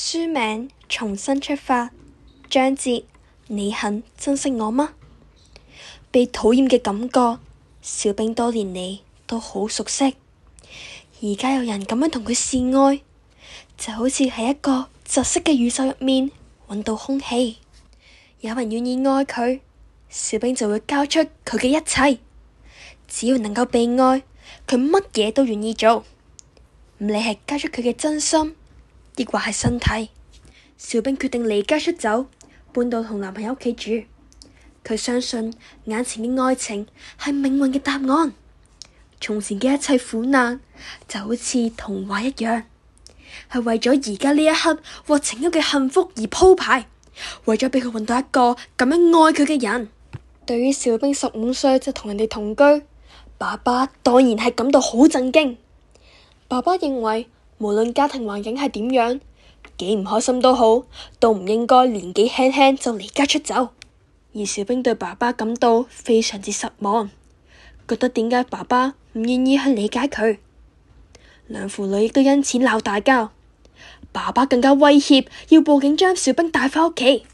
書名《重新出發》，章節《你肯珍惜我嗎》？被討厭嘅感覺，小兵多年嚟都好熟悉。而家有人咁樣同佢示愛，就好似喺一個窒息嘅宇宙入面揾到空氣。有人願意愛佢，小兵就會交出佢嘅一切。只要能夠被愛，佢乜嘢都願意做，唔理係交出佢嘅真心。亦或係身體，小兵決定離家出走，搬到同男朋友屋企住。佢相信眼前嘅愛情係命運嘅答案，從前嘅一切苦難就好似童話一樣，係為咗而家呢一刻或情屋嘅幸福而鋪排，為咗畀佢揾到一個咁樣愛佢嘅人。對於小兵十五歲就同人哋同居，爸爸當然係感到好震驚。爸爸認為。無論家庭環境係點樣，幾唔開心都好，都唔應該年紀輕輕就離家出走。而小兵對爸爸感到非常之失望，覺得點解爸爸唔願意去理解佢。兩父女亦都因此鬧大交，爸爸更加威脅要報警將小兵帶返屋企。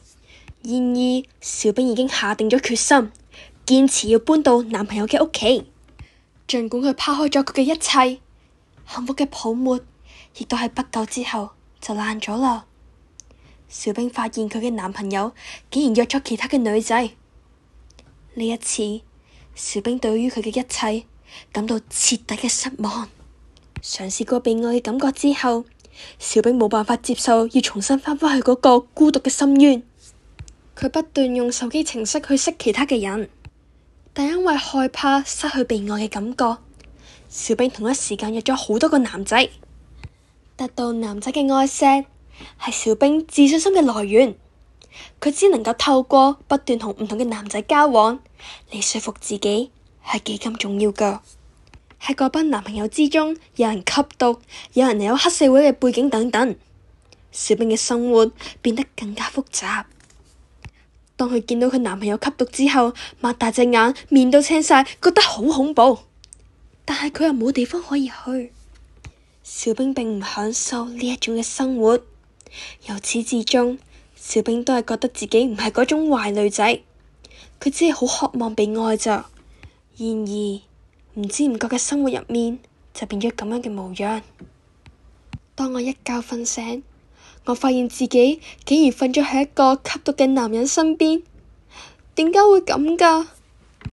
然而，小兵已經下定咗決心，堅持要搬到男朋友嘅屋企，儘管佢拋開咗佢嘅一切幸福嘅泡沫。亦都喺不久之後就爛咗啦。小冰發現佢嘅男朋友竟然約咗其他嘅女仔。呢一次，小冰對於佢嘅一切感到徹底嘅失望。嘗試過被愛嘅感覺之後，小冰冇辦法接受要重新返返去嗰個孤獨嘅深淵。佢不斷用手機程式去識其他嘅人，但因為害怕失去被愛嘅感覺，小冰同一時間約咗好多個男仔。得到男仔嘅愛錫係小冰自信心嘅來源，佢只能夠透過不斷同唔同嘅男仔交往嚟說服自己係幾咁重要噶。喺嗰班男朋友之中，有人吸毒，有人有黑社會嘅背景等等，小冰嘅生活變得更加複雜。當佢見到佢男朋友吸毒之後，擘大隻眼，面都青晒，覺得好恐怖，但係佢又冇地方可以去。小兵並唔享受呢一種嘅生活，由始至終，小兵都係覺得自己唔係嗰種壞女仔，佢只係好渴望被愛着，然而，唔知唔覺嘅生活入面就變咗咁樣嘅模樣。當我一覺瞓醒，我發現自己竟然瞓咗喺一個吸毒嘅男人身邊，點解會咁噶？